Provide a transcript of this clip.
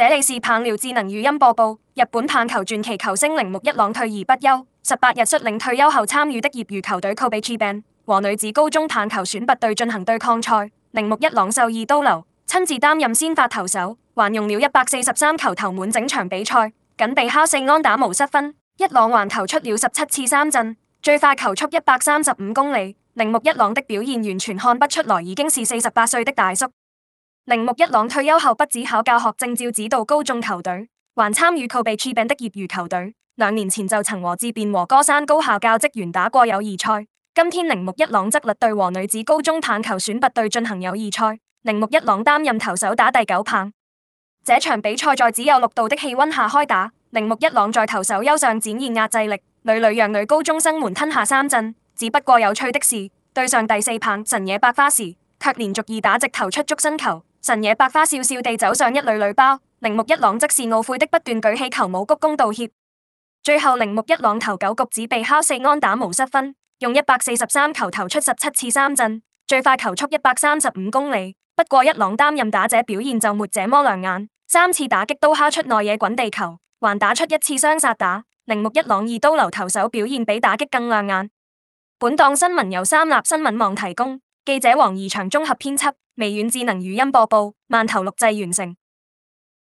這裡是棒聊智能語音播報。日本棒球傳奇球星鈴木一朗退而不休，十八日率領退休後參與的業餘球隊 Kobe Chiben 和女子高中棒球選拔隊進行對抗賽。鈴木一朗秀二刀流，親自擔任先發投手，還用了一百四十三球投滿整場比賽，僅被敲四安打無失分。一朗還投出了十七次三振，最快球速一百三十五公里。鈴木一朗的表現完全看不出來，已經是四十八歲的大叔。鈴木一朗退休後不只，考教學證照，指導高中球隊，還參與 Kobe Chiben 的業餘球隊。兩年前就曾和智辯和歌山高校，校教職員打過友誼賽。今天鈴木一朗則率隊和女子高中棒球選拔隊進行友誼賽。鈴木一朗擔任投手，打第九棒。這場比賽在只有六度的氣溫下開打。鈴木一朗在投手丘上展現壓制力，屢屢讓女高中生們吞下三振。只不過有趣的是，對上第四棒神野百花時，卻連續二打直投出觸身球。神野百花笑笑地走上一壘壘包，鈴木一朗則是懊悔的不斷舉起球帽鞠躬道歉。最後鈴木一朗投九局只被敲四安打無失分，用一百四十三球投出十七次三振，最快球速一百三十五公里。不過一朗擔任打者表現就沒這麼亮眼，三次打擊都敲出內野滾地球，還打出一次雙殺打。鈴木一朗二刀流投手表現比打擊更亮眼。本檔新聞由三立新聞網提供，記者王儀翔綜合編輯。微軟智能語音播報，慢投錄製完成。